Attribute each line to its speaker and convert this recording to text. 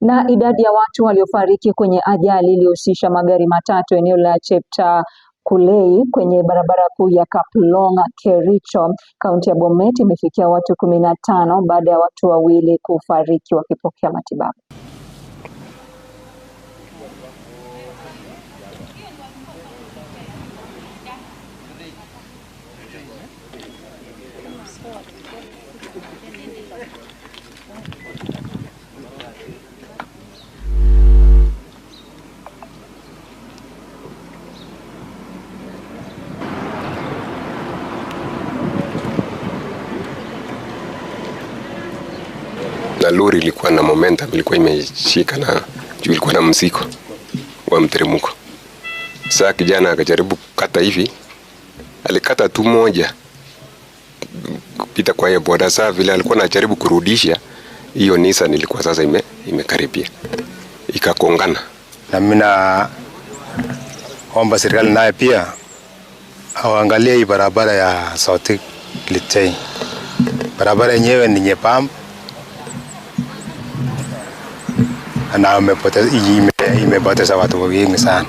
Speaker 1: Na idadi ya watu waliofariki kwenye ajali iliyohusisha magari matatu eneo la Cheptakulei kwenye barabara kuu ya Kaplong Kericho, kaunti ya Bomet imefikia watu kumi na tano baada ya watu wawili kufariki wakipokea matibabu.
Speaker 2: na lori ilikuwa na momentum, ilikuwa imeshika na juu ilikuwa na mziko wa mteremko. Saa kijana akajaribu kukata hivi, alikata tu moja pita kwa hiyo boda. Saa vile alikuwa anajaribu kurudisha hiyo Nissan, ilikuwa sasa ime, imekaribia ikakongana.
Speaker 3: Na mimi omba serikali naye pia awaangalie hii barabara ya Sauti Kilitei, barabara yenyewe ni nyepamba na imepoteza watu wengi sana.